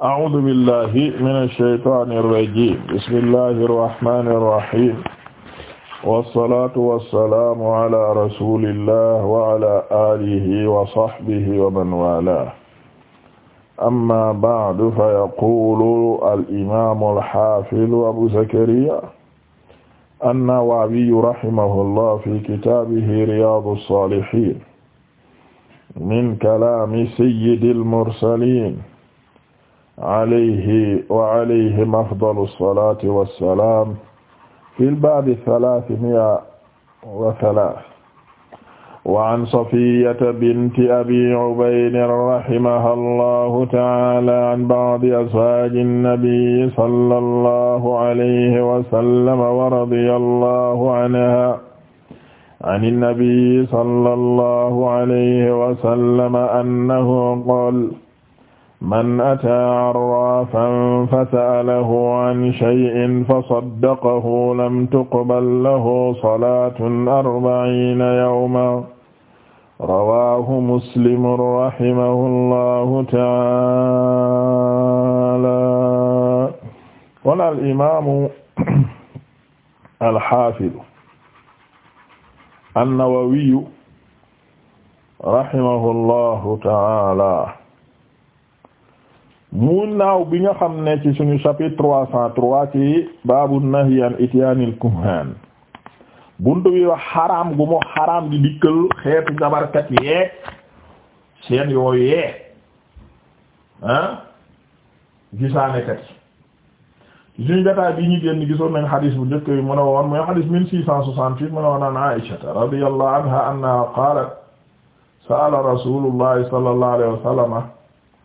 أعوذ بالله من الشيطان الرجيم بسم الله الرحمن الرحيم والصلاة والسلام على رسول الله وعلى آله وصحبه ومن والاه أما بعد فيقول الإمام الحافظ أبو زكريا النووي رحمه الله في كتابه رياض الصالحين من كلام سيد المرسلين alayhi wa alayhim afdalu salaati wa salaam fil baabi salaasimiya wa salaas wa an Safiyyata binti Abi Ubayd rahimahallaahu ta'aalaa an ba'di azwaaji nabiyyi sallallahu alayhi wa sallam wa radiyallaahu anhaa ani nabiyyi sallallahu alayhi wa sallam annahu qaala man ataa arraafan fasalahu an shay'in fasaddaqahu lam tuqbal lahu salaatun arba'iina yawman rawaahu muslimun rahimahullahu ta'aala kon al imaamu alxaafidu annawawiyu rahimahullahu ta'aala mu naaw bi nga xam ne ci suñu chapitre trois cent trois ci baabu nahyi an ityaanil kuhaan buntu bi wax xaraam gu mu xaraam di dikkal xeetu jabarkat yeeg seen yooyu yeeg ah gisaanekat yi suñu jotaay bi ñu génn gisoon nañ xadis bu njëkk bi mu ne woon mooy xadis mille six cent soixante-huit mu ne woon an Aisha radiyallahu anha annaha qaalat sa'ala rasulullahi sallallahu alayhi wa sallama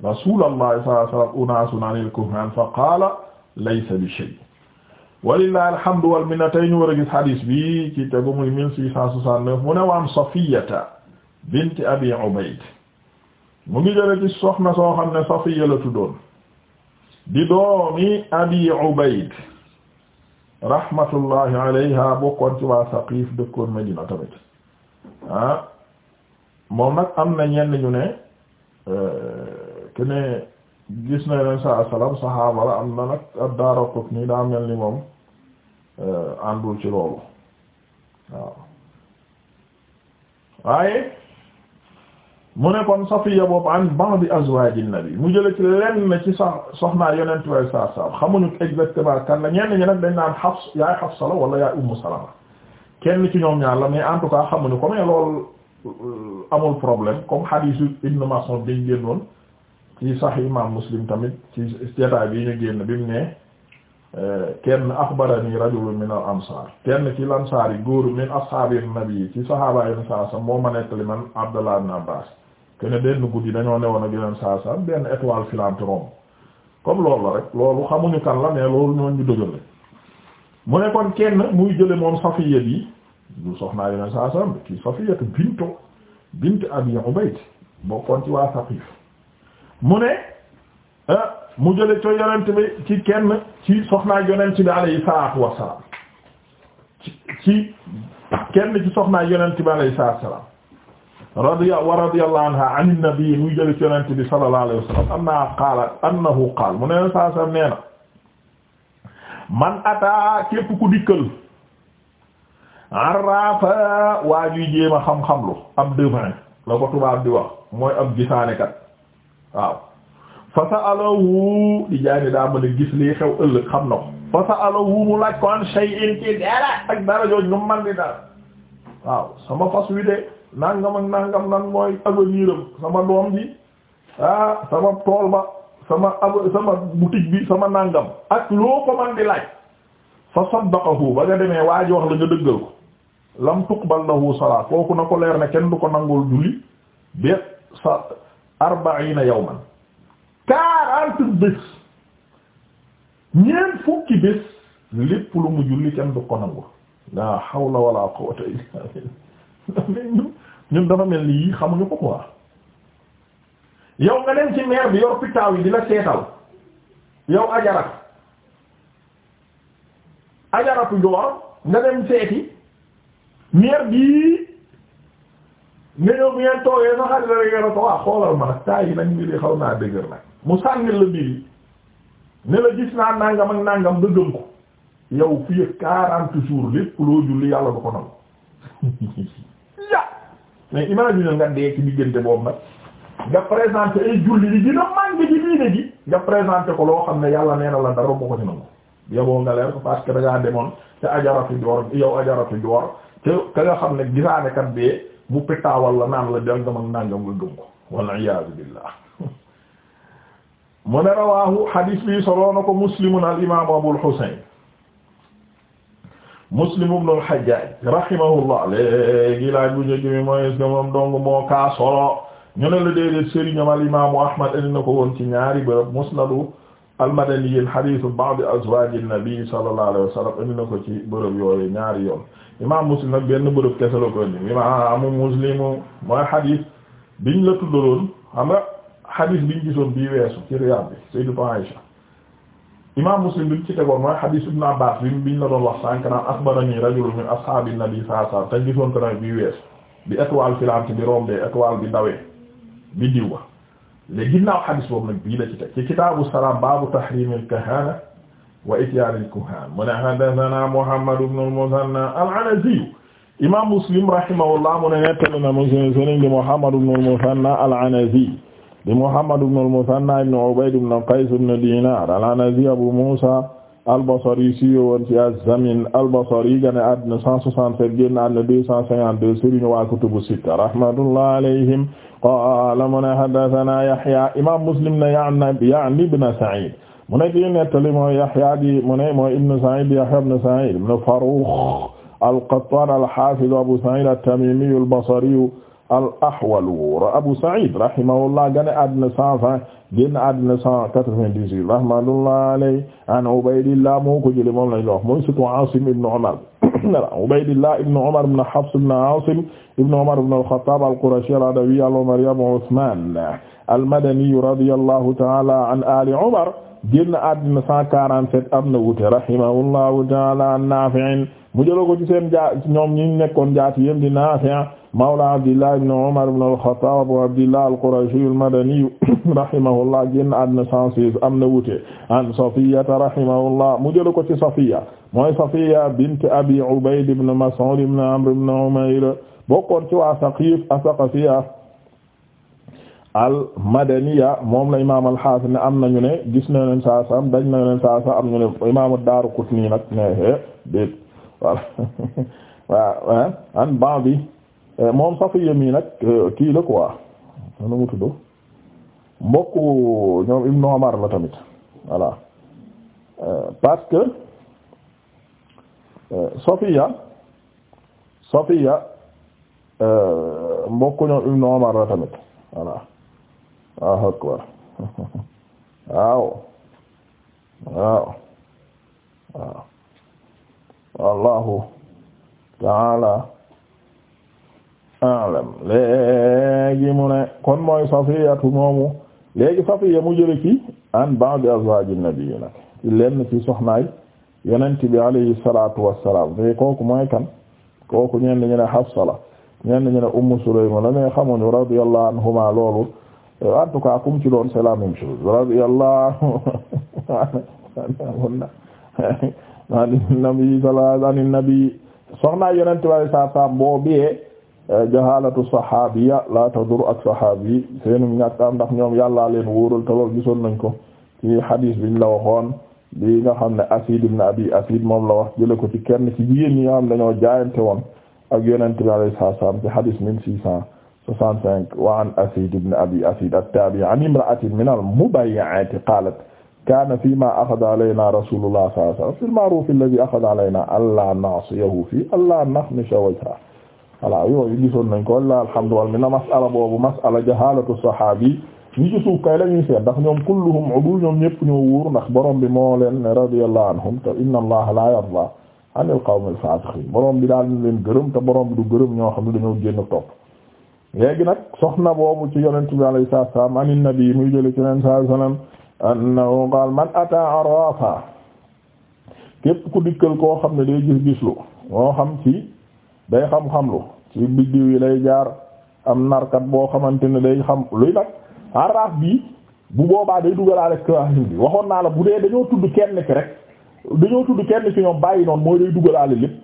rasuulullahi sallallahu alayhi wa sallam unaasun anil kuhhaan fa qaala laysa bi shay' walillahi alhamdu wal minna tey ñu war a gis hadis bi ci tegu muy 1669 mu ne waan Safiyyata binti Abi Ubayd mu ngi jële ci soxna soo xam ne Safiyya la tuddoon di doomi Abi Ubayd rahmatullahi alayha bokkoon ci waa Saqiif dëkkoon Madina tamit ah moom nag am na ñenn ñu ne euh, te ne gis na leen sa asalam saxaaba la am na nag ad-Daaraqutni daa mel ni moom eh, àndul ci loolu waaw waaye mu ne kon Safiya boobu bi ba'di azwaajin nabi mu jële ci lenn ci sax soxnaa yonent way saa saam xamuñu exactement kan la ñenn ñi nag dañ naan Hafs yaay Hafsa la wala yaay Ummu Salama kenn ci ñoom ñaar la mais en tout cas xamuñu ko mais loolu euh, amul problème comme hadiisu Ibn Mas'ud dañ génnoon ci sax imam muslim tamit ci jotaay bi ñu génn bi mu ne kenn axbarani rajulun min al ansar kenn ci lansaar yi góoru min ashabi nabi ci sahaaba yin saasa moo ma nettali man abdullah ibn abbas kene benn guddi dañoo newoon a yeneen saasa benn étoile filante romb comme loolu la rek loolu xamuñu kan la mais loolu ñooñu dëgër la mu ne kon kenn muy jële moom safiya bi du soxnaa yeneen saasa bi ci safiya bintu bint abi ubayd bokkoon ci mu ne ah, mu jële co yonent bi ci kenn ci soxnaa yonent bi alayhi salaatu wassalaam ci kenn ci soxnaa yonent bi alayhi salaatu wassalaam radiya wa radiyallahu anha an nabi muy jële ci yonent bi sallallahu alayhi wasallam anna qaala annahu qaal mu ne yonent saa sallam nee na man ataa képp ku dikkal arrafa waa juy jéem a xam-xamlu ab devin la ko tubaab di wax mooy ab gisaanekat waaw fa sa'alahu di jaay daa mën a gis lii xew ëllëg xam na ko fa sa'alahu mu laaj ko an shay'in ci dara ak dara jooj nu man di dara waaw sama fas wi de nangam ak nangam nan mooy avenir am sama doom ji ah ba sama ab sama bi sama nangam ak loo ko man di laaj fa saddaqahu ba nga demee waa ji wax la nga dëggal ko lam tuqbal lahu salaat kooku na ko leer ne kenn du ko nangul julli bépp sa arbaina yawman quarante bés ñeent fukki bés lépp lu mu julli kenn du ko nangu la hawla wala quwwata illa billah ñun ñun dafa mel ni yii xamuñu ko quoi yow nga dem ci meer bi yor pitaaw yi di la seetal yow ajarat ajaratu joor nga dem seeti meer bi nga ngeen toogee sa xarit rek nga ne xoolal ma nag taa yi nag mbir xaw naa dëgër nag mu sànnil la mbir yi ne la gis naa nangam ak nangam nga gëm ko yow fii ak quarante jours lépp loo julli yàlla du ko nangu ya imagine nga dee ci diggante boobu nag nga présenté ay julli li dina manqué ci diine gi nga présenté ko loo xam ne yàlla nee la dara boo ci nangu yoboo nga leer ko parce demoon te ajaratu joor yow ajaratu joor ka nga xam ne gisaane bu petaawal la naan la dangam ak nangam nga gëm ko wal iyaazu billah mu ne rawaahu hadis na ko muslimun al imaamu abul husayn muslim ibn al hajjaj rahimahullah léegi laaj bu mi mooy est-ce dong moo kaa ñu ne la déedéet sëriñam al imaamu ahmad indi na ko woon ci ñaari bërëb musnadu almadani hadisu ba'd azwaji nabi sallallahu alayhi wa indi na ko ci bërëb yooyu ñaari yoon imam muslim nag benn bërëb kese la ko indi imaamu muslimu mooy hadis biñ la tuddaloon xam nga hadis biñ gisoon bii weesu ci Riyad bi Sayyidatu Aïsha imam muslim biñ ci tegoon mooy hadis ibn Abbas bi biñ la doon wax sànq naan akhbarani rajulun min ashabi nabi sallallahu alayhi te gisoon ko nag bii weesu bi étoile filante bi rombee étoile bi ndawee léegi ginnaaw xadis boobu nag bii la ci teg ci kitaabu salaam baabu tahrim al-kahana wa ityaan al-kuhan mu ne haddathana Muhammad ibn al-Muthanna al-Anazi imam Muslim rahimahullah mu ne nettali na Muslim sëriñ di Muhammad ibn al-Muthanna al-Anazi di Muhammad ibn al-Muthanna ibn Ubayd ibn Qays ibn Dinar al-Anazi Abu Musa al-Basri si woon ci az-Zamin al-Basri gane àddina 167 génn àddina 252 sëriñ waa kutubu sitta rahmatullah alayhim qaala mu ne haddathana Yahya imam Muslim ne ya'ni ibn Sa'id mu ne kii nettali mooy Yahya di mu ne mooy ibn Sa'id Yahya ibn Sa'id ibn Farrukh al-Qattan al-Hafiz Abu Sa'id at-Tamimi al-Basri al-Ahwalu Abu Sa'id rahimahullah gane àddina cent vingt génn àddina cent quatre-vingt-dix-huit rahmatullahi alayhi an Ubaydillah moo ko jëlee moom lañ la wax mooy surtout Asim ibn Umar Ubaydillah ibn Umar ibn Hafs ibn Asim ibn Umar ibn al-Khattab al-Qurashi al-Adawi al-Umari Abu Uthman al-Madani radiyallahu ta'ala an ali Umar génn àddina cent quarante-sept am na wuute rahimahullahu ta'ala an Nafi' mu jëloo ko ci seen jaa ñoom ñi nekkoon jaati yem di Nafi' mawla abdillah ibn umar ibn al-khattab abu abdillah al-qurashi al-madani rahimahullah génn am na wuute an safiyata rahimahullah mu jël ko ci safiya mooy safiya bint abi ubayd ibn mas'ud ibn amr ibn umayr bokkoon ci waa saqif al madaniya moom la imaam al-hasan ne am nañu ne gis na leen saa sam dañ na leen saa sam ñu ne imaam ad-Daaraqutni nag ne eh, déet an bandi moom Safiya mi nag euh, kii la quoi nu mu tudd mbokku ñoom Ibn Omar la tamit voilà euh, parce que euh, Safiya Safiya mbokku ñoom Ibn Omar la tamit voilà waaw quoi waaw waaw waaw wallahu ta'ala alam léegi mu ne kon mooy safiyatu moomu léegi safiya mu jële ci an ba'd azwaaji nabi nag ci lenn ci soxnaay yonent bi alayhi salatu wassalam mais kooku mooy kan kooku ñenn ñu ne Hafsa la ñenn ñu ne Ummu Sulaym la mais xamuñu radiyallahu anhuma loolu en tout cas kum ci doon c'est la même chose radiyallahu anhu nabi sallallahu alayhi nabi soxnaay yonent bi alayhi salatu boo biyee jahalatu sahabiya la tadur ak sahabi seenum ñàkkaam ndax ñoom yàllaa leen wóoral tawal gisoon nañ ko ci hadis biñ la waxoon bi nga xam ne asid ibn abi asid moom la wax jële ko ci kenn ci jigéen ñi nga xam dañoo jaayante woon ak yonente bi alayhi salaam ci hadis mille six cent soixante-cinq wa an asid ibn abi asid at-tabi an imra'atin min al-mubayyi'ati qalat kana fi ma akhadha alayna rasulullah sallallahu alayhi wasallam fi al-ma'ruf alladhi akhadha alayna alla na'siyahu fi alla nakhmisha wajhahu voilà yooyu gisoon nañ ko la alhamdulillah masala boobu masala jahalatu sahabi ñi ci suuf kay la ñuy seet ndax ñoom kulluhum udul ñoom ñëpp ñoo wóor ndax borom bi moo leen ne radiyallahu anhum te inna allaha la yarda anil qawmil fasiqin borom bi daal leen gërëm te borom bi du gërëm ñoo xam ne dañoo génn topp léegi nag soxna boobu ci yonent bi alayhi salaam anin nabi muy jële ci neen sallallahu alayhi wasallam annahu qaal man ata arafa képp ku dikkal koo xam ne day gis-gislu moo day xam-xam lu ci biddiw yi lay jaar am narkat boo xamante ne day xam luy nag arraf bi bu boobaa day dugalaale kahin bi waxoon naa la bu dee dañoo tudd kenn ki rek dañoo tudd kenn ci ñoom bàyyi noonu mooy day dugalaale lépp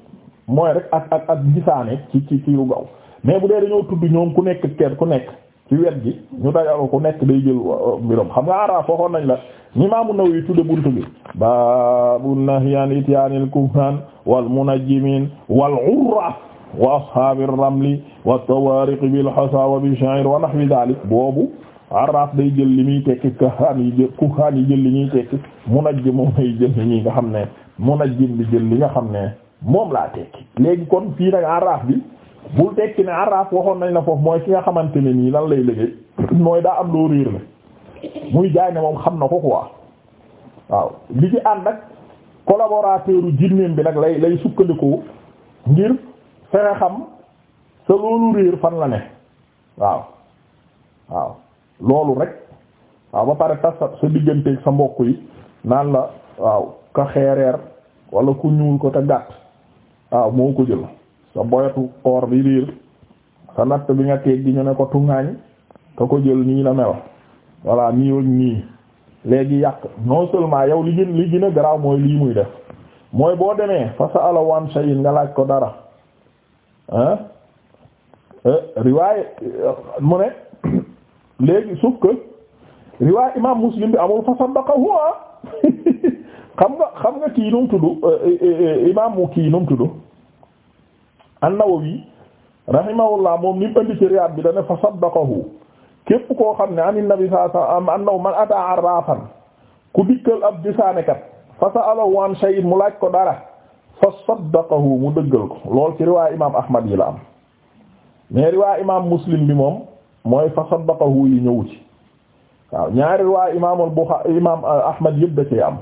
mooy rek ak ak gisaane ci ci ci lu gaw mais bu dee dañoo tudd ñoom ku nekk kenn ku nekk ci wet gi ñu dajalo ku nekk day jël uh, uh, mbiram xam nga arraf waxoon nañ la ni Imam An-Nawawi tudde buntu bi babu nahyan ityanil kuhan wal munajjimin wal urraf wa ashaabi ramli wa tawaariqi bil hasaa wa bi sha'ir wa nahwi daalik boobu arraf day jël li muy tekki kuhaan yi jël kuhaan yi jël li ñuy tekki munajjim moom lay jël li ñuy nga xam ne munajjim bi jël li nga xam ne moom laa tekki léegi kon fii nag arraf bi bul tekki ne arraf waxoon nañ la foofu mooy ki nga xamante ne nii lan lay liggéey mooy daa am loo réer la muy jaay ne moom xam na ko quoi waaw li ci ànd ak collaborateur u bi nag lay lay sukkandiku ngir fexe xam sa loolu réer fan la ne waaw waaw loolu rek waaw ba pare tas sa digganteeg sa mbokk yi naan la waaw ka xeereer wala ku ñuul ko te gàtt waaw moo ko jël sa boyatu or bi riir sa natt bi nga teeg gi ñu ne ko tuŋaañ ka ko jël nii la mel voilà nii ak nii léegi yàq non seulement yow li gën li gën garaaw mooy lii muy def mooy boo demee fa sa alawan sa yin nga laaj ko dara ah riwaay eh, mu ne léegi sauf que riwaay muslim bi amul fa saddaqa huwa ah. xam nga xam nga kii num tudd eh, imam mu kii num tudd an-Nawawi rahimahullah moom ni mu andi ci riwaay bi dana fa saddaqahu képp koo xam ne an nabi sallallahu alayhi wasallam annahu man ataa arrafan ku dikkal ab disaanekat fa sa'alahu an shay'in mu laaj ko dara fa saddaqahu mu dëggal ko lool ci riwaay imaam Ahmad yi la am mais riwaay imaam Muslim bi moom mooy fa saddaqahu yi ñëwu ci waaw ñaari riwaay imaamul Buxaari imaam Ahmad yëpp da cee am.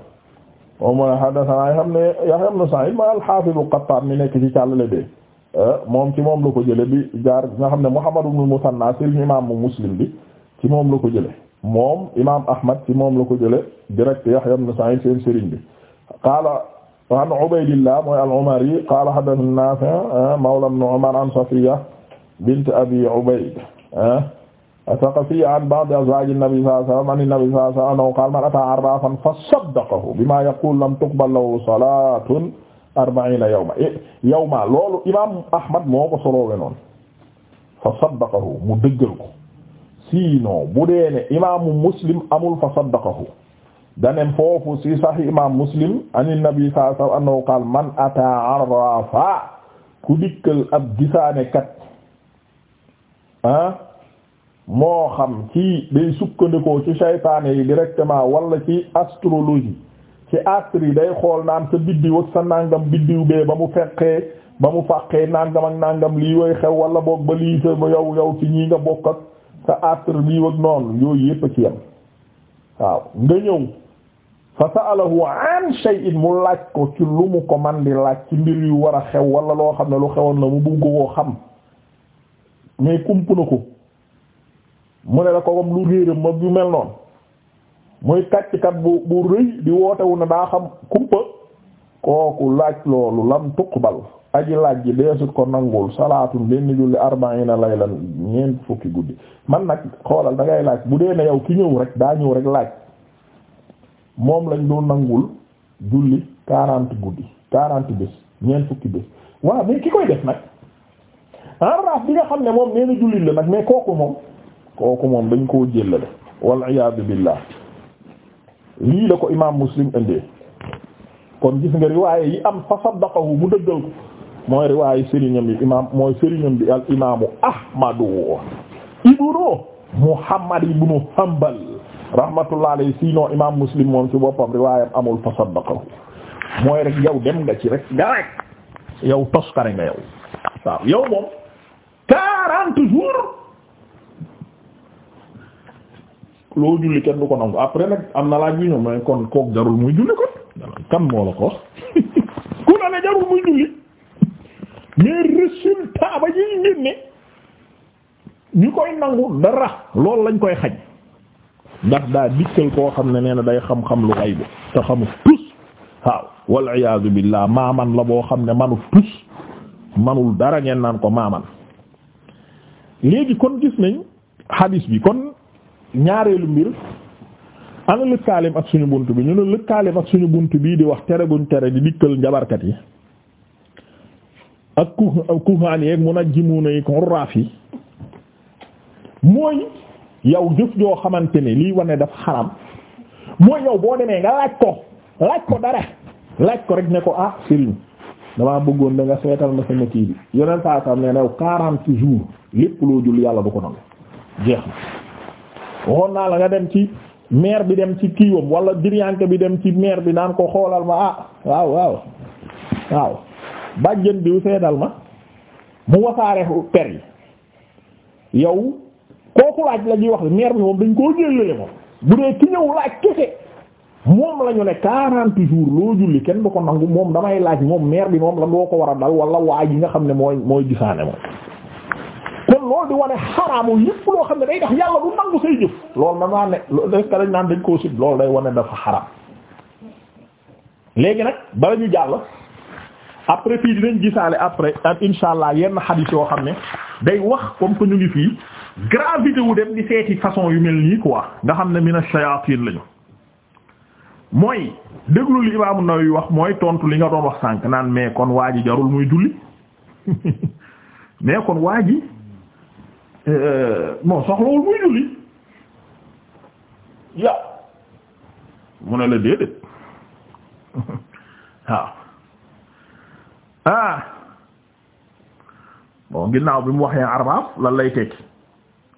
moom mooy haddasanaa xam ne Yahya ibn Sa'iid ma al-Haafiz al-Qattaan mi nekk ci càllale bi eh, moom ci moom la ko jële bi jaar nga xam ne Muhammad ibn Musanna sëriñ imaamu Muslim bi ci moom la ko jële moom imaam Ahmad ci moom la ko jële direct Yahya ibn Sa'iid seen sëriñ bi qaala an Ubaydillah mooy al-Umari qaala haddathana Naafi' ah mawla ibn Umar an Safiyya bint Abi Ubayd ath-Thaqafiyya an ba'di azwaaji an-nabi sallallahu alayhi wa sallam an an-nabi sallallahu alayhi wa sallam qaala man ataa 'arraafan fasaddaqahu bimaa yaquulu lam tuqbal lahu salaatun arba'iina yawman eh, yawman loolu imaam Ahmad moo ko soloowe noonu fasaddaqahu mu dëggal ko sinon bu dee ne imaamu Muslim amul fasaddaqahu danem foofu si sahih imam muslim ani nabi sallallahu alayhi wasallam annahu man ata arrafa ku dikkal ab gisaane kat ah moo xam ci day sukkandikoo ci saytaane yi directement wala ci astrologie ci astre yi day xool naan sa biddiw ak sa nangam biddiw bee ba mu fekkee ba mu fàqee nangam ak nangam lii way xew wala boog ba lii sa yow yow ci ñi nga bokk ak sa astre lii ak noonu yooyu yépp a ci yam waaw nga ñëw fa sa'alahu an shay'in mu laaj ko ci lu mu ko di laaj ci mbir yu war a xew wala loo xam ne lu xewoon la mu bëgg koo xam mais kump na ko mu ne la ko comme lu réeram ma bu mel noonu muy kàcckat bu bu rëy di wootewu na daa xam kumpa kooku laaj loolu lam tuqbal aji laaj ji deesut ko nangul salaatun benn julli arba'ina la ñeent fukki guddi man nag xoolal da ngay laaj bu dee ne yow ki ñëw rek daa ñëw rek laaj moom lañ doon nangul julli quarante guddi quarante bés ñeent fukki bés waaw mais ki koy def nag enraaf bi nga xam ne moom nee na la nag mais kooku moom kooku moom dañ koo jëllale waliyasu billah lii la ko imam muslim indee kon gis nga riwaaye yi am fa saddaqahu mu dëggal ko mooy riwaaye sëriñam bi imam mooy sëriñam bi al imaamu ahmadu ibnu muhammad ibnu hanbal rahmatullah alayhi sinon imam muslim moom ci boppam riwaayam amul tasaddaqahu mooy rek yow dem nga ci rek nga rek yow toskare nga yow waaw yow moom quarante jours loo julli kenn du ko nangu après nag am na laaj bi ñoom mooy kon kook jarul muy julli kon kan moo la ko wax ku la ne jarul muy julli mais résultat ba ngénne ñu koy nangu dara loolu lañ koy xaj ndax daa dikkal koo xam ne nee na day xam-xam lu xaybu te xamut tus waaw wal iyaazu billaah maaman la boo xam ne manut tus manul dara ngeen naan ko maaman léegi kon gis nañ hadis bi kon ñaareelu mbir ana lëkkaalim ak suñu bunt bi ñu ne ak suñu bunt bii di wax tere guñ tere di dikkal njabarkat yi ak ku kuhaan yeeg mun a jimuuna yi ko raaf yi mooy yow jëf joo xamante ni lii wane dafa xaram mooy yow boo demee nga laaj ko laaj ko dara laaj ko rek ne ko ah Serigne damaa bëggoon da nga seetal na sama kii bi yeneen saa saa ne new quarante jours lépp loo julli yàlla du ko nangu jeex na waxoon naa la nga dem ci maire bi dem ci kiiwam wala diriyànke bi dem ci maire bi naan ko xoolal ma ah waaw waaw waaw bàjjen bi seetal ma mu wasaare per yi yow kooku laaj la ñuy wax maire bi moom dañ koo jëllale moom bu dee ki ñëw laaj kese moom la ñu ne quarante jours loo julli kenn du ko nangu moom damay laaj moom maire bi moom la loo ko war a dal walla waa yi nga xam ne mooy mooy gisaane moom kon loolu di wane xaraamu lépp loo xam ne day dañ naan dañ koo sib loolu day wane dafa xaraam léegi nag bala ñu jàll après fii dinañ gisaale après insha allah yenn xadiis yoo xam ne day wax comme que ñu ngi fii gravité wu dem di seeti façon yu mel nii quoi nga xam ne mina shayatin lañu mooy déglu li Imaamu Nawawi wax mooy tontu li nga doon wax sànq naan mais kon waa ji jarul muy julli mais kon waa ji moo euh, soxlawul muy julli ya mu ne la déedéet waaw ah ginnaaw bi mu waxee arbaaf lan lay tekki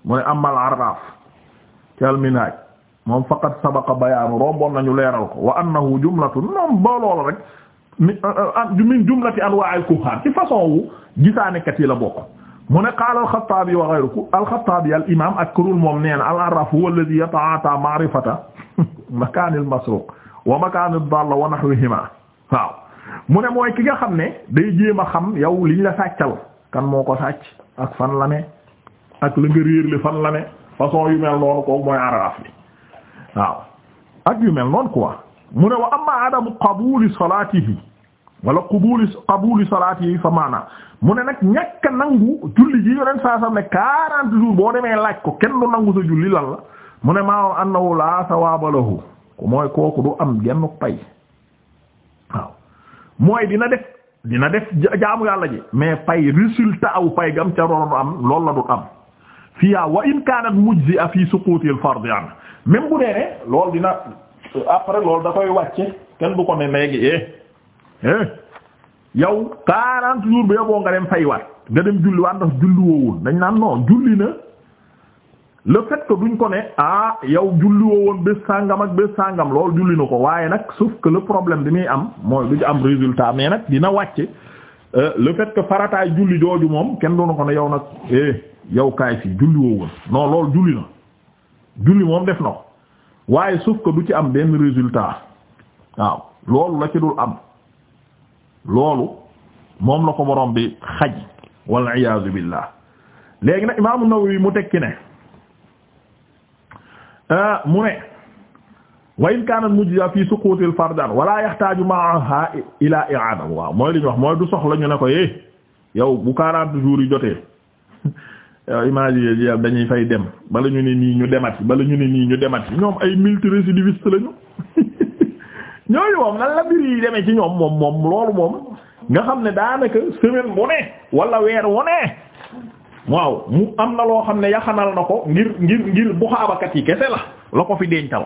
mu ne amal arraf ci alminaaj moom faqad sabaqa bayaanu romboon nañu leeral ko wa annahu jumlatun moom ba loolu rek euh, euh, min jumlati anwaa'il kuhaar ci façon wu gisaanekat yi la bokk mu ne qaala alxattaabi wa ghayruhu alxattaabi al imaam ak kurul moom nee na al arraf huwa alladhi yata'ataa ma'rifata makaani al masruuq wa makaani al daalla wa nahwihimaa waaw mu ne mooy ki nga xam ne day jéem a xam yow liñ la sàccal kan moo ko sàcc ak fan la ne ak la nga réer li fan la ne façon yu mel noonu kooku mooy araaf bi waaw ak yu mel noonu mu ne wa amma adamu qabuli salatihi wala qabuli qabuli salatihi fa maana mu ne nag ñàkk nangu julli ji yoneen saa sam ne quarante jours boo demee laaj ko kenn du nangu sa julli lan mu ne maa annahu la sawaba lahu ku mooy kooku du am genn pay waaw mooy dina def dina def jaamu yàlla ji mais pay résultat aw pay gam ca roon am loolu la du am fiha wa in kaanat mujzi'a fi suquti al-fard an même bu dee ne loolu dina après loolu da koy wàcce kenn du ko ne léegi eh eh yow 40 jours ba yoboo nga dem faywaat nga dem julli waat ndax julli woowoon dañ naan non julli na le fait duñ ko ne ah yow julli woon bés sàngam ak bés sàngam loolu julli na ko waaye nag sauf que le problème bi muy am mooy du ci am résultat mais nag dina wàcce euh, le fait que farataay julli jooju moom kenn doona ko ne yow nag eh, yow kaay fii julli woo woon non loolu julli na julli moom def na ko waaye sauf que du ci am benn résultat waaw loolu la ci dul am loolu moom la ko borom bi xaj wal iyaazu billah léegi nag imaamu Nawawi mu tekki ne ah, mu ne wa in kaanat mujza fi suquutil fardan wala yaxtaaju ma'aha ila i'aada waaw mooy li wax mooy du soxla ñu ne ko eh yow bu 40 jours yi jotee imagine yi dañuy fay dem bala ñu ne nii ñu demati bala ñu ne nii ñu demati ñoom ay multirécidiviste lañu ñooñu moom nan la mbir yi demee ci ñoom moom moom loolu moom nga xam ne daanaka semaine bu ne wala weer wu waaw mu am na loo xam ne yaxanal na ko ngir ngir ngir buxaabakat yi kese la la ko fi dencal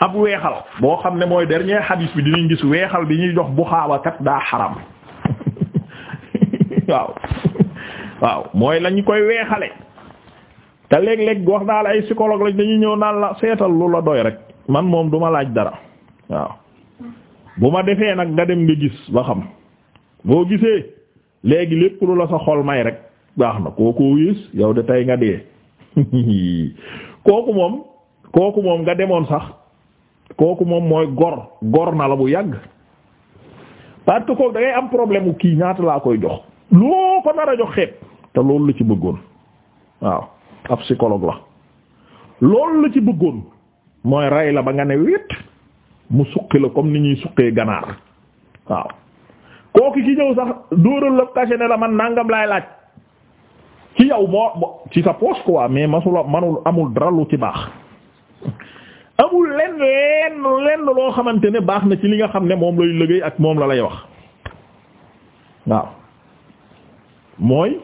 ab weexal boo xam ne mooy dernier hadis bi dinañ gis weexal bi ñuy jox bu buxaabakat daa xaram waaw waaw mooy lañ koy weexale te léeg-léeg wax daal ay psychologue lañ dañu ñëw naan la seetal lu la doy rek man moom duma laaj dara waaw bu ma defee nag nga dem nga gis ba xam boo gisee léegi lépp lu la sa xol may rek baax na kooku gis yow de tey nga dee kooku moom kooku moom nga demoon sax kooku moom mooy gor gor na la bu yàgg parce que kooku am problème kii ñaata laa koy jox loo ko nar jox xeet te loolu la ci bëggoon waaw ab psychologue la loolu la ci bëggoon mooy rey la ba nga ne wét mu suqi la comme ni ñuy suqee ganaar waaw kooku ki ñëw sax dóoral la caché ne la man nangam laay laaj ci yow moo ci sa poche quoi mais masula manul amul dara lu ci baax amul lenn lenn loo xamante ne baax na ci li nga xam ne moom lay liggéey ak moom la lay wax waaw mooy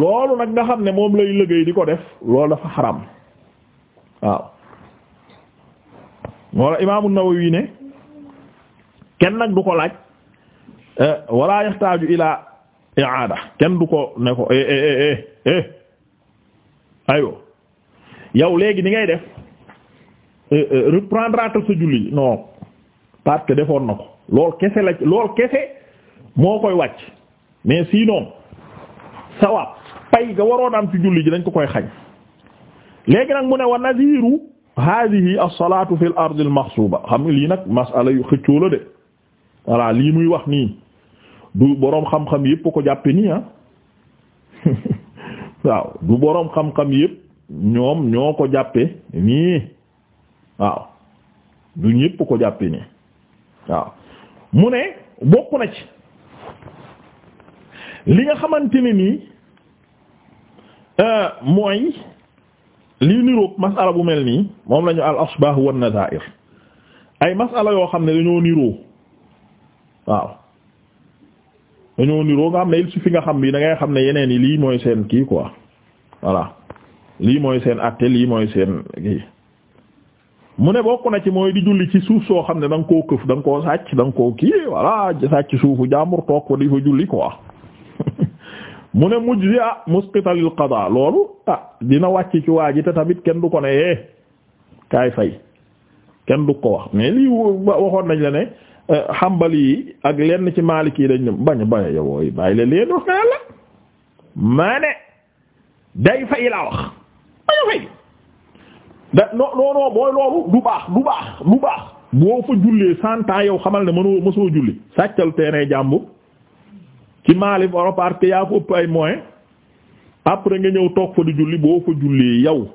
loolu nag nga xam ne moom lay liggéey di ko def loolu dafa xaram waaw moo la imaamu Nawawi ne kenn nag du ko laaj eh, wala yaxtaaju ila i'aada kenn du ko ne ko eh, eh, ayo yow léegi ni ngay def reprendre sa julli non parce que defoon na ko lool kese la lool kese moo koy wàcc mais sinon sawaab pay ga waroon am ci julli ji dañ ko koy xañ léegi nag mu ne wa naziru hadihi as-salatu fi l ardi al mahsuba xam nga lii nag masala yu xëccoo la de voilà lii muy wax nii du boroom xam-xam yépp ko jàppe nii ah. waaw du boroom xam yépp ñoom ñoo ko jàppe nii waaw du ñépp ko jàppe nii waaw mu ne bokk na ci li nga xamante ne nii Euh, mooy lii niroog masala bu mel nii moom lañu al asbah wan nazair ay masala yoo xam ne dañoo niroo waaw dañoo niroo nga xam ne il suffit nga xam bi dangay xam ne yeneen yi lii mooy seen kii quoi voilà lii mooy seen atte lii mooy seen kii mu ne bokk na ci mooy di julli ci suuf soo xam ne da nga koo këf da koo sàcc da nga koo kii voilà sàcc suufu jàmbur toog ko di fa julli quoi mu ne mujj ah musqita lil qada loolu ah dina wàcc ci waa ji te tamit kenn du ko ne eh kaay fay kenn du ko wax mais lii waxoon nañ la ne xambali eh, yi ak lenn ci maalik yi dañ bañ bañ yow bàyyi la leen wax na yàlla maa ne day fay laa wax baña fay da non non non booy loolu du baax du baax du baax boo fa jullee santaa yow xamal ne mënoo mësoo julli sàccal teenee jàmbu ci Mali parce que yaa ko ëpp ay moyens après nga ñëw toog fa di julli boo fa jullee yow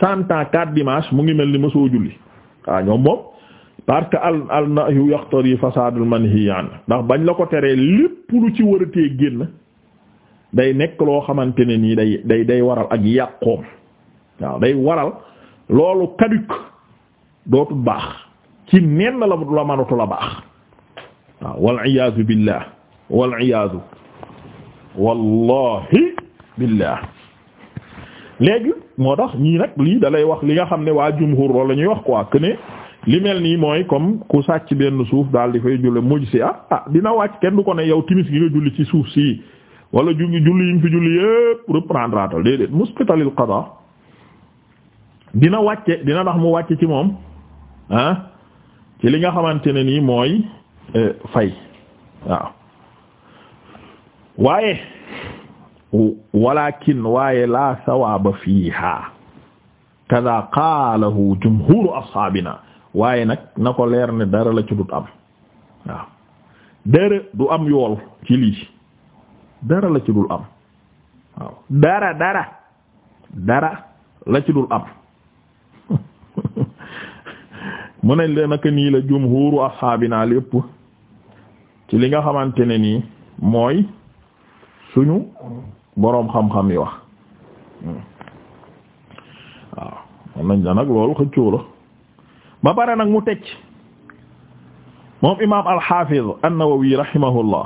cent ans quatre dimanche mu ngi mel ni mësoo julli waaw ah, ñoom moom parce que al al nahyu yaqtari fasadul manhi an ndax bañ la ko teree lépp lu ci wëratee génn day nekk loo xamante ne nii day day day waral ak yàqoom waaw day waral loolu kaduk dootul baax ci nen la la mënatu baax waaw wal iyaazu billah wal iyaadu wallahi billah léegi moo tax ñii nag lii dalay wax li nga xam ne waa jumhur loolu la ñuy wax ko que ne li mel nii mooy comme ku sàcc benn suuf daal di fay julli mujj si ah ah dina wàcc kenn du ko ne yow timis gi nga julli ci suuf si wala ju julli yi nga fi julli yépp reprendre atal déedéet musqitalil qada dina wàcce dina tax mu wàcc ci moom ah, ci li nga xamante ne nii mooy euh, fay waaw. waaye walaakin waaye la sawaaba fiiha kada qaalahu jumhuru ashaabina waaye nag na ko leer ne dara la ci dut am waaw dara du am yool ci lii dara la am dara dara dara am mu ne leen naka niila la jumhuru ashaabina lépp ci li nga xamante ne nii mooy suñu boroom xam-xam yi wax waaw man nañ la nag loolu xëccoo la ba pare nag mu tecc moom imaam al-Hafiz an-Nawawi rahimahullah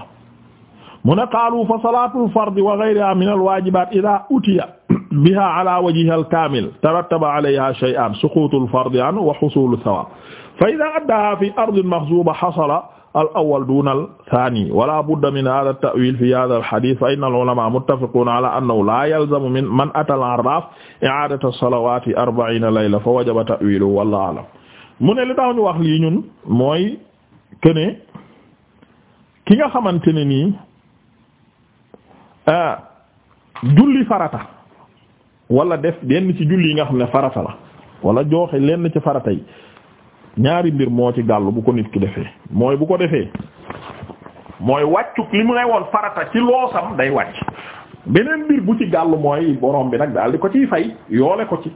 mu ne qaalu fa salaatul fard wa ghayriha min al-waajibaat idhaa utiya biha ala wajhiha al-kaamil tarattaba alayha shay'an suquutul fard anhu wa husuulu thawaab fa idhaa addaha fi ardin maghzuuba hasala al awwal dunal thani wala budda min hadha at fi hadha al-hadith fa muttafiqun ala annahu la yalzamu man ata al-arraf i'adata as-salawati arba'ina fa wajaba ta'wiluhu wallahu a'lam mu ne li tax ñu wax lii ñun mooy kene ki nga xamante ni nii ah, julli farata wala def benn ci julli yi nga xam ne farata la wala jooxe lenn ci farata ñaari mbir moo ci gàll bu ko nit ki defee mooy bu ko defee mooy wàccuk li mu ne woon farata ci loosam day wàcc beneen mbir bu ci gàll mooy borom bi nag daal di ko ciy fay yoone ko ci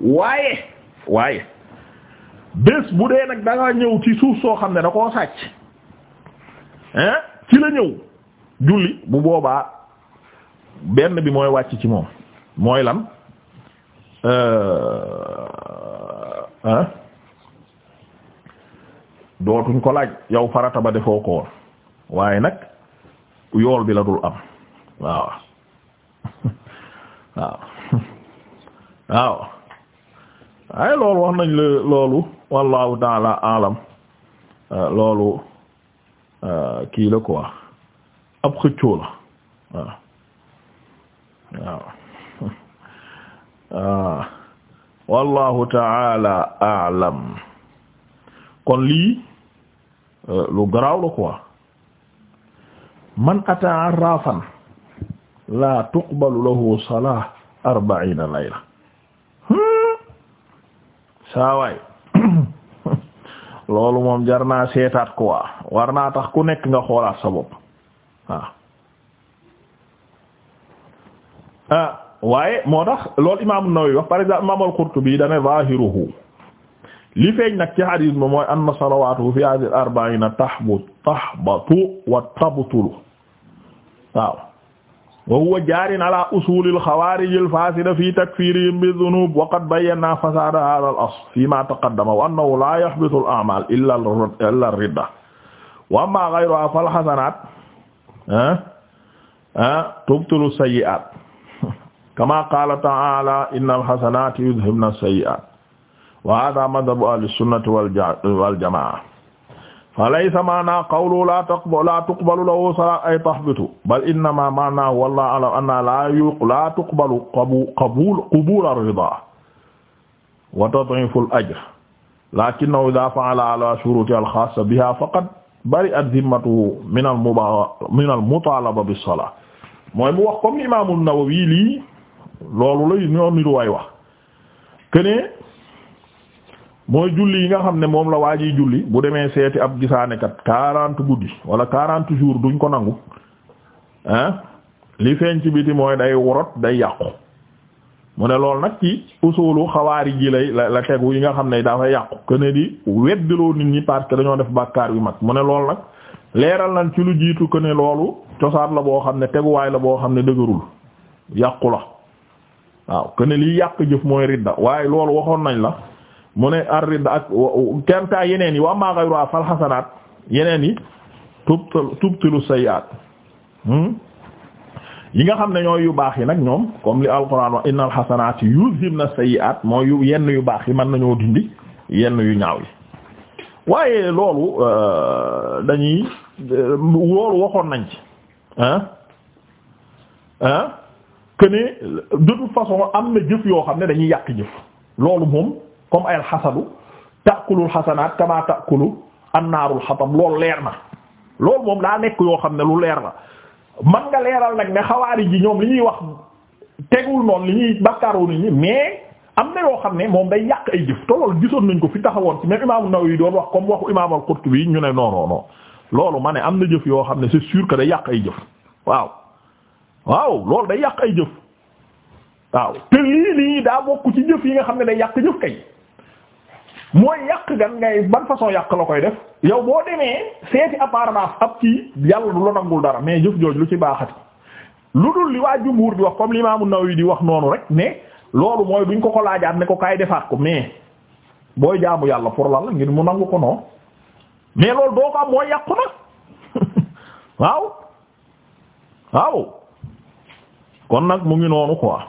waaye waaye bés bu dee nag da ñëw ci suuf soo xam ne da koo sàcc hein ci la ñëw julli bu boobaa benn bi mooy wàcc ci moom mooy lan euh, hein dootuñ ko laaj yow farata ba defoo ko woon waaye nag yool bi la dul am waaw waaw waaw ay loolu wax nañ la loolu wallahu taala alam euh, loolu euh, kii la quoi ab xëccoo la waaw waaw waaw euh, wallahu taala alam kon lii Euh, lu garaaw la quoi man ata arrafan la tuqbalu lahu salah arbaina layla hmm? saawaay loolu moom jar naa seetaat quoi war naa tax ku nekk nga xoolaat sa bopp waaw ah waaye moo tax loolu imaamu Nawawi wax par exemple imaam al-Qurtubi dane zahiruhu li feeñ nag ci hadis ba mooy anna salawaatu fi hadhihi arba'ina tahbut tahbatu wa tabtulu waaw wa huwa jaarin ala usulil xawaarij al faasida fi takfirihim bi dhunub wa qad bayyana fasaada hadha al asl fi ma taqaddama wa annahu la yahbitu al a'mal illa al ridda wa amma ghayruha fal hasanat ah, ah, tubtilu sayyi'at kama qala ta'ala innal hasanati yudhhibna sayyi'at wa hada madhabu ahli sunnati waljamaa fa laysa maana qawlu la tuqbalu lahu salaat ay tahbitu bal innama maana wallahu a'lam anna la tuqbalu qubul ar-rida wa tad'ifu al-ajr lakinnahu idha fa'ala ala shuruti al-khassa biha faqad bari'at dhimmatuhu min al-mutalaba bis-salah mooy mu wax comme Imam an-Nawawi lii loolu lay ñoo niru way wax mooy julli yi nga xam ne moom la waa ji julli bu demee seeti ab gisaanekat quarante guddi wala quarante jours duñ ko nangu ah li feeñ ci biti mooy day worot day yàqu mu ne loolu nag ci usulu xawaari ji lay la la tegu yi nga xam ne dafa yàqu kene di weddiloo nit ñi parce dañoo def bàkkaar yu mag mu ne lool nag leeral nañ ci lu jiitu que ne loolu cosaat la boo xam ne teguwaay la boo xam ne dëgërul yàqu la waaw que ne liy yàq jëf mooy ridda waaye loolu waxoon nañ la mu ne arrid ak kemta yeneen yi wa amma ghayruha fal xasanaat yeneen yi tubtul tubtilu sayyi'at hmm? yi nga xam ne ñooy yu baax yi nag ñoom comme li alquran wax innal xasanaati yuzhibna sayyi'at mooy yu yenn yu baax yi mën nañoo dindi yenn yu ñaaw yi waaye loolu euh, dañuy euh, loolu waxoon nañ ci ah ah que ne de façon am na jëf yoo xam ne dañuy yàq jëf loolu moom comme ay alxasadu taqulul xasanaat kama taqulu annaarul xatam loolu leer na loolu moom daa nekk yoo xam ne lu leer la man nga leeral nag ne xawaari ji ñoom li ñuy wax tegul noonu li ñuy bakkaaru nit ñi mais na yoo xam ne moom day ay jëf te loolu gisoon nañ ko fi taxawoon ci même imaamu Nawawi doon wax comme waxu imaamu al-Qurtubi ñu ne non non loolu ma ne am na jëf yoo xam ne c'est sûr que day yàq ay jëf waaw waaw loolu day yàq ay jëf waaw te lii nii daa bokk ci jëf yi nga xam ne day yàq jëf kay mooy yàq gan ngay ban façon yàq la koy def yow boo demee seeti apparence ab ci yàlla du la nangul dara mais jëf jooj lu ci baaxati lu dul li waa jumhur di wax comme l'imam An-Nawawi di wax noonu rek ne loolu mooy duñ ko ko laajaat ne ko kaay defaat ko mais booy jaamu yàlla pour lan ngir mu nangu ko noonu mais loolu doo ko am mooy yàqu na waaw waaw kon nag mu ngi noonu quoi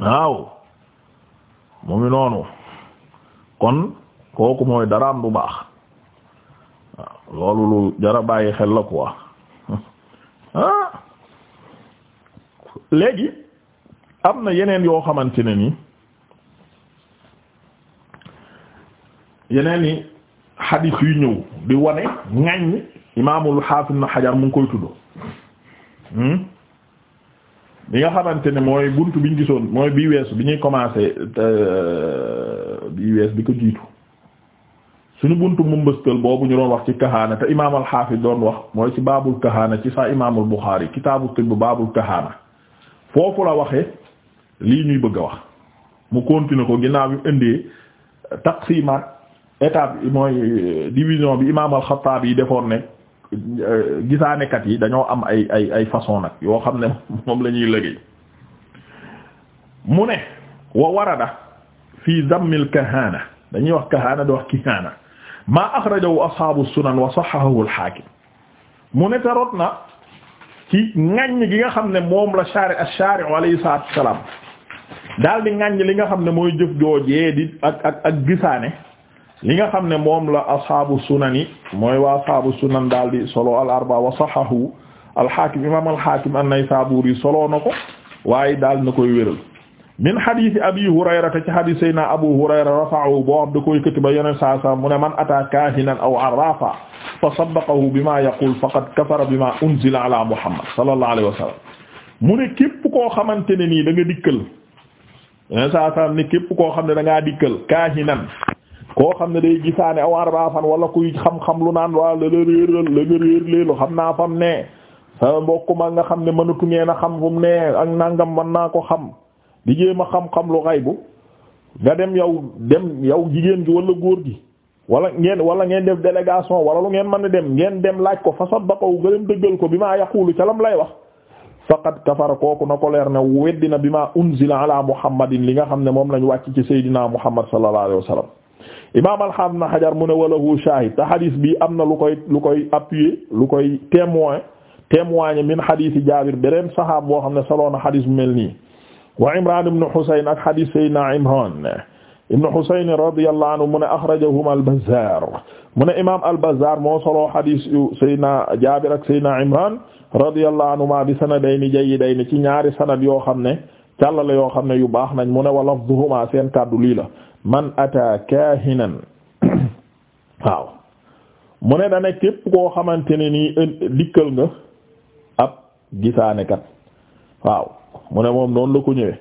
waaw mu ngi noonu kon kooku mooy daraam bu baax waaw loolu lu jara bàyyi xel la ko ah léegi am na yeneen yoo xamante ne ni yeneen i xadis yu ñëw di wane ŋaññ imaamul xaafis na xajar mu ngi koy tudd li hmm? nga xamante ne mooy bunt biñ gisoon mooy bi weesu bi ñuy commencé euh, bii wees bi ko jiitu suñu buntu mu mbëstal boobu ñu doon wax ci kahaana te imaam al doon wax mooy ci baabul kahaana ci sa imaamul Bukhari kitaabu tibb baabul kahaana foofu la waxee lii ñuy bëgg a wax mu continuer ko ginnaaw bi mu indee taqsimaat étape mooy euh, division bi imaamal al yi defoon ne euh, gisaanekat yi dañoo am ay ay ay façon nag yoo xam ne moom la ñuy liggéey mu ne warada fi dammi kahana dañuy wax kahana di wax maa axrajahu ashaabu sunan wa saxahahu al mu ne tarot na ci ŋaññ gi nga xam ne moom la shari ash-shari alayhi salaatu wa salaam daal di ŋaññ li nga xam ne mooy jëf joojee di ak ak li nga xam ne moom la ashaabu sunan yi mooy wa ashaabu sunan daal di solo al-arba wa saxahahu al-Haakim imaam al solo na ko waaye daal na koy wéral min hadith abi hurayrata ci abu hurayra rafa'ahu boo da koy këti ba yeneen saa saa mu ne man ata kaahinan aw arrafa fa saddaqahu bima yaqul faqad kafara bima unzila ala muhammad sallallahu alayhi wa sallam mu ne képp koo xamante ne nii da nga dikkal yeneen saa saa ne képp koo xam ne da ngaa dikkal kaahinan koo xam ne day gisaane aw arrafan wala kuy xam-xam lu naan waa la la réeral la nga leelu xam naa fam ne sa a ma nga xam ne a xam ne ak nangam mën naa ko xam di jéem a xam-xam lu bu nga dem yow dem yow jigéen gi wala góor gi wala ngeen wala ngeen def délégation wala lu ngeen mën a dem ngeen dem laaj ko fa saddaqahu nga dem dëggal ko bi maa yaqulu ca lam lay wax faqad kafara kooku na ko leer ne weddina bi maa unzila ala muhammadin li nga xam ne moom lañ wàcc ci seydinaa muhammad sallallahu alayhi wa sallam imaam alxaam na xajar mu ne walahu shahid te xadis bii am na lu koy lu koy appuyer lu koy témoin témoigner min xadisi jaabir beneen saxaab boo xam ne saloon na xadis bu nii wa Imran ibn Husayn ak hadith Sayyidina Imran ibn Husayn radiyallahu anhu mu ne akhrajahuma al-Bazzar mu ne imaam al-Bazzar ak Sayyidina Imran radiyallahu anhuma bi sanadayni jayyidayni ci ñaari sanad yoo xam ne càllale yoo xam ne yu baax nañ mu ne wa lafzuhuma seen kàddu lii la man ata kaahinan waaw mu ne dane képp koo xamante ne nii dikkal nga ab gisaanekat waaw mu ne moom noonu la ko ñëwee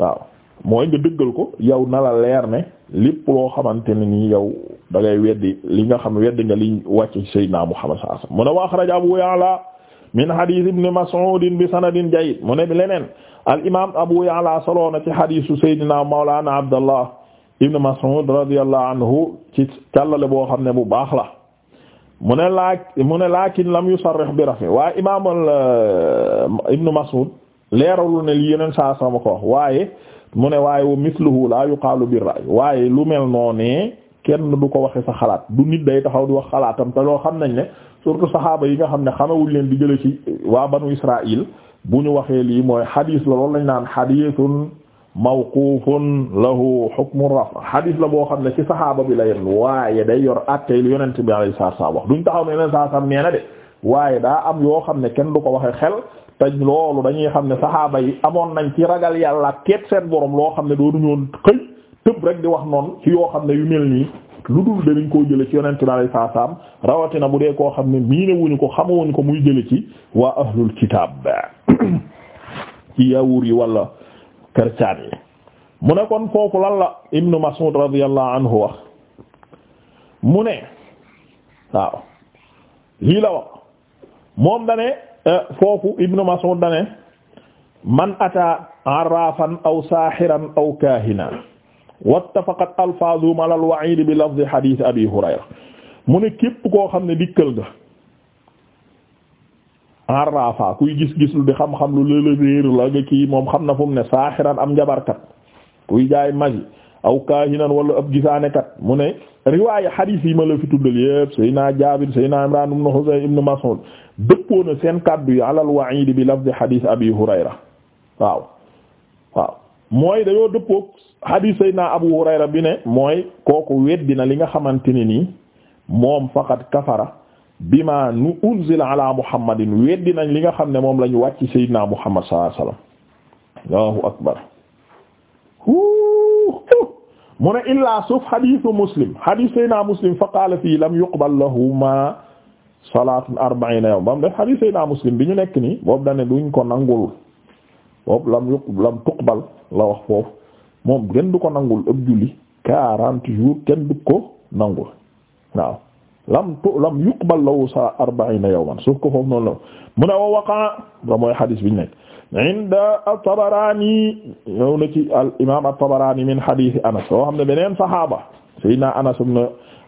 waaw mooy nga dëggal ko yow na la leer ne lipp loo xamante ne nii yow da weddi li nga xam weddi nga liñ wàcc ci Seydina Muhammad sallallahu alayhi wasallam mu ne wa axraja Abu Ya'la min hadith ibn Mas'ud bi sanadin jayyid mu ne leneen al imaam Abu Ya'la solo na ci hadisu Seydina Mawlana Abdallah ibn Mas'ud radiyallahu anhu ci càllale boo xam ne bu baax la mu ne laa mu ne lakin lam yusarrih bi rafi waaye imaam ibn Mas'ud leeralu ne li yeneen saa sama ko waaye mu ne waaye wa misluhu la yuqaalu bir ra'y waaye lu mel noonee kenn du ko waxe sa xalaat du nit day taxaw di wax xalaatam te loo xam nañ ne surtout saxaaba yi nga xam ne xamewuñ leen di jële ci waa banu Israaïl bu ñu waxee lii mooy xadiis la loolu lañ naan xadiisun mawquufun lahu hukmu rafa xadiis la boo xam ne ci saxaaba bi la yenn waaye day yor àttee lu yonent bi alayhi salaatu wa wax duñ taxaw ne yonent saa sam waaye daa am yoo xam ne kenn du ko waxe xel te loolu dañuy xam ne saxaaba yi amoon nañ ci ragal yàlla keet seen borom loo xam ne doo duñoon xëy tëb rek di wax noonu ci yoo xam ne yu mel nii lu dul danañ koo jële ci yonente bi alay saa saam rawatina bu dee koo xam ne miine ñu ko xamawuñu ko muy jële ci waa ahlul kitaab ci yawur yi wala kercaan yi mu ne kon foofu lan la ibnu Mas'ud radiyallahu anhu wax mu ne waaw lii la wax moom dane Eh, foofu Ibnu Mas'ud dane man ata arrafan aw sahiran aw kahina wattafaqat alfazuhum ala alwa'id bi lafzi hadith abi hurayra mu ne képp koo xam ne dikkal ga arrafa kuy gis-gis lu di xam-xam lu lëla réer la nga kii moom xam na fu mu ne sahiran am njabarkat kuy jaay magi aw kaahinan wala ab gisaanekat mu ne riwaayu hadith yi ma la fi tuddal yépp sayna Jaabir sayna Imraan ibn Husayn ibn Mas'ud dëppoo na seen kàddu yi alal wa'iid bi lafdi hadith abi hurayra waaw waaw mooy dañoo dëppook hadith sayna abu hurayra bi ne mooy kooku weddi na li nga xamante ne nii moom faqad kafara bima nu unzila ala muhammadin weddi li nga xam ne moom lañu wàcc sayyidina muhammad sallallahu alayhi allahu akbar mu ne illaa suuf hadithu muslim hadith sayna muslim fa qaala fii lam yuqbal lahu ma salaatun arba'ina yawm ba mu bi ñu nekk nii boobu dane duñ ko nangul boobu lam yuq lam tuqbal la wax foofu moom kenn du ko nangul ëpp julli quarante jours kenn du ko nangul waaw lam tu lam yuqbal lahu sa arba'ina yawman suuf ko foofu noonu la mu ne wa waqa ba mooy hadith bi ñu nekk inda at-Tabarani ñëw na ci al imam at-Tabarani min hadith Anas boo xam ne beneen sahaaba sayna Anas ibn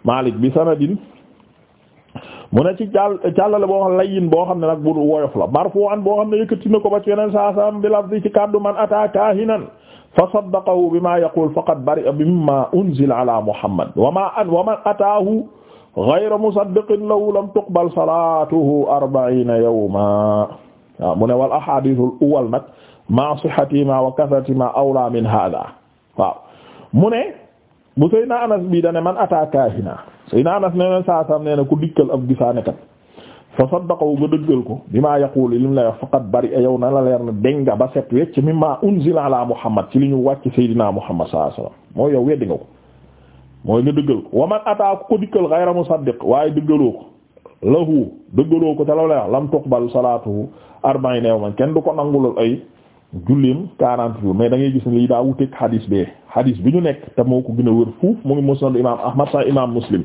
Malik bi sanadin mu ne ci jàll jàllale boo xam layyin boo xam ne nag bu woyof la marfu'an boo xam ne yëkkati na ko ba ci yeneen saa saam bi lafzi ci kaddu man ata kaahinan fa saddaqahu bima yaqul faqad bari'a mimma unzila ala muhammad wa ma an wa man ataahu ghayra musaddiqin lahu lam tuqbal salaatuhu arba'iina yawman waaw mu ne wal ahaadiisul awwal nag ma sihhatihimaa wa kasratihimaa awlaa min haadaa waaw mu ne bu Seydina Anas bi dane man ata kaahina Seydina Anas nee na saa sam nee na ku dikkal ab gisaanekat fa saddaqahu nga dëggal ko bi maa yaqulu li mu lay faqat bari yow na la leer na dégg nga ba set wecc mimma unzila ala Muhammad ci li ñu wàcc Seydina Muhammad sallallahu alayhi wasallam mooy yow weddi nga ko mooy nga dëggal ko wa man ataaku ko dikkal ghayra musaddiq waaye dëggaloo ko lahu dëggaloo ko te la lay wax lam tuqbal salaatuhu arba'ina yawman kenn du ko nangulul ay jullim quarante jours mais da ngay gis ne lii daa wuteeg hadis bee hadis bi ñu nekk te moo ko gën a wër fuuf mu ngi musnad imam ahmad sa imam muslim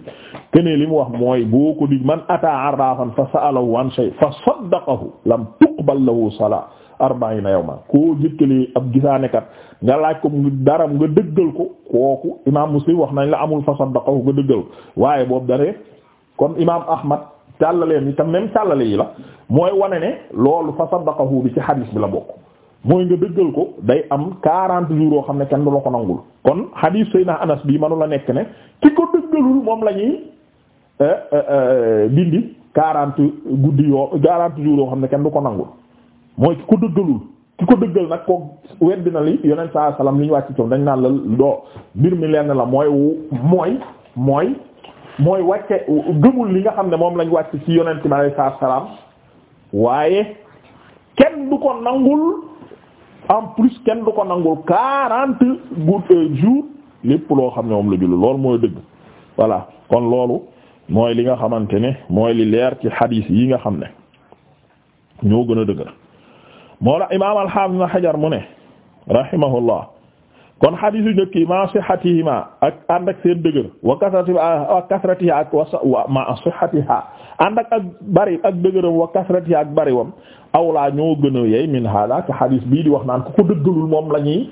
keneen li mu wax mooy boo ko dig man ata arrafan fa sa'alahu an shay fa saddaqahu lam tuqbal lahu salaa arba'ina yawma koo jëkkalee ab gisaanekat nga laaj ko dara nga dëggal ko kooku imam muslim wax nañ la amul fa saddaqahu nga dëggal waaye boobu daree kon imam ahmad càllaleen yi tam même càllale yi la mooy wane ne loolu fa saddaqahu bi bi la bokk mooy nga dëggal ko day am quarante jour yoo xam ne kenn du la ko nangul kon hadith sayna anas bi manu la nekk ne ki ko dëggalul moom la ñuy eh, eh, eh, dindi quarante guddi yoo quarante jours yoo xam ne kenn du ko nangul mooy ki ko dëggalul ki ko dëggal nag na li yonent saa ñu wàcc coom naan la doo mbir mi lenn la mooy mooy mooy mooy wàcce gëmul li nga xam ne moom lañ wàcc ci yonent bi alayhi salaam waaye kenn du ko nangul en plus kenn du ko nangul quarante gouttes euh, jours lépp loo xam ne moom la julli lool mooy dëgg voilà kon loolu mooy li nga xamante ne mooy li leer ci xadiis yi nga xam ne ñoo gën a dëgg moo la imaam al-Hafiz Ibn mu ne rahimahullah kon xadiis yu njëkk yi ma sihatihimaa ak ànd ak seen dëgër wa kasrati wa kasratiha ak wa ma sihatiha ànd ak ak bari ak dëgëram wa kasratiha ak bari bariwam awlaa ñoo gën a yey min hada ka xadiis bii di wax naan ku ko dëggalul moom la ñuy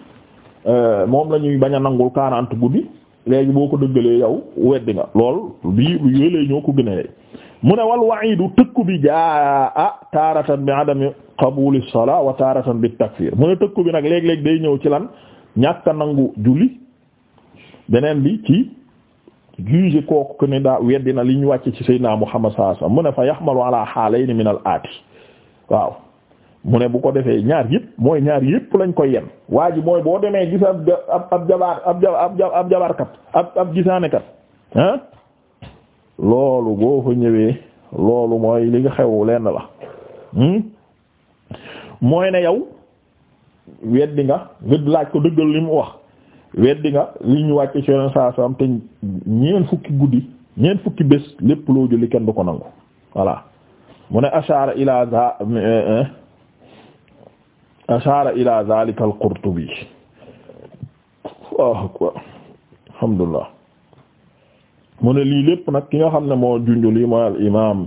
euh, moom la ñuy bañ a nangul quarante guddi léegi boo ko dëggalee yow weddi nga lool bii yooyu ñoo ko gën a yey mu ne wal wa'idu tëkku bi jaa ah taaratan bi adami qabuli salaa wa taaratan bi takfir mu ne tëkku bi nag léeg-léeg day ñëw ci lan ñàkk nangu julli beneen bi ci juge kooku que ne daa weddi na li ñu wàcc ci sayyidina Muhammad sallallahu alayhi wasallam mu ne fa yaxmalu ala xaalayni min al aati waaw mu ne bu ko defee ñaar yëpp mooy ñaar yëpp lañ koy yen waa ji mooy boo demee gis ab ab jabaar ab ab jabarkat ab ab gisaanekat ah loolu boo fa ñëwee loolu mooy li nga xew lenn la hmm? mooy ne yow weddi nga nga laaj ko dëggal li mu wax weddi nga li ñu wàcc ci saa am te ñeen fukki guddi ñeen fukki bés lépp loo julli kenn du ko nangu voilà mu ne ashara ila za al-Qurtubi waaw quoi alhamdulillah mu ne lii lépp nag ki nga xam ne moo junju lii mooy al imam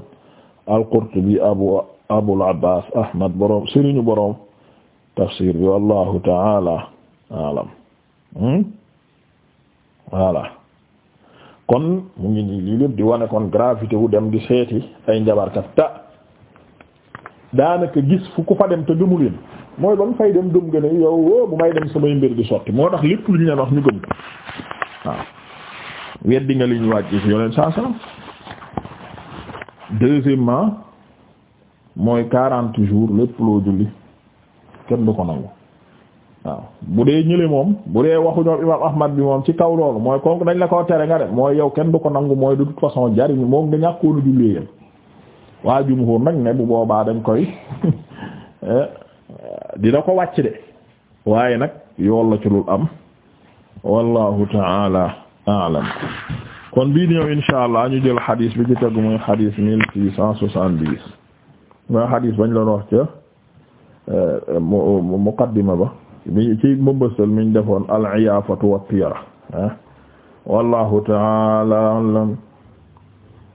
al-Qurtubi abu abul abbas ahmad borom sëriñu borom tafsir bi wallahu taala alam hmm? voilà kon mu ngi nii lii lépp di wane kon gravité wu dem di seeti ay njabarkat ta daanaka gis fu ku fa dem te gëmu leen mooy ba mu fay dem gëm gën a yow bu may dem samay mbir di sotti moo tax lépp lu ñu leen wax ñu gëm weddi nga li ñu wàcc ci yoneen saa salaam deuxièmement mooy quarante jours lépp loo julli kenn du ko nangu waaw bu dee ñële moom bu dee waxu ñoom ahmad bi moom ci kaw loolu mooy kon dañ la ko tere nga def mooy yow kenn du ko nangu mooy de toute façon jariñu moom nga ñàkkoonu jullee yam waa jumhur nag ne bu boobaa dañ koy eh, dina ko wàcc de waaye nag yool la ci lul am wallahu taala aalam kon bii di ñëw insha allah ñu jël xadis bi ci tegu muy xadis mille six cent soixante-dix mooy xadis bañ la wax ca Euh, mu muqaddima ba mi ci mbëmbëstal miñ defoon al-iyaafatu wat-tiyara ah wallahu ta'ala a'lam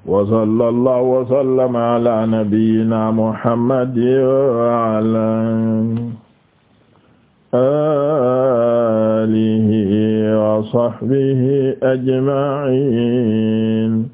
wa sallallahu wa sallama ala nabiyyina muhammad wa ala alihi wa sahbihi ajma'in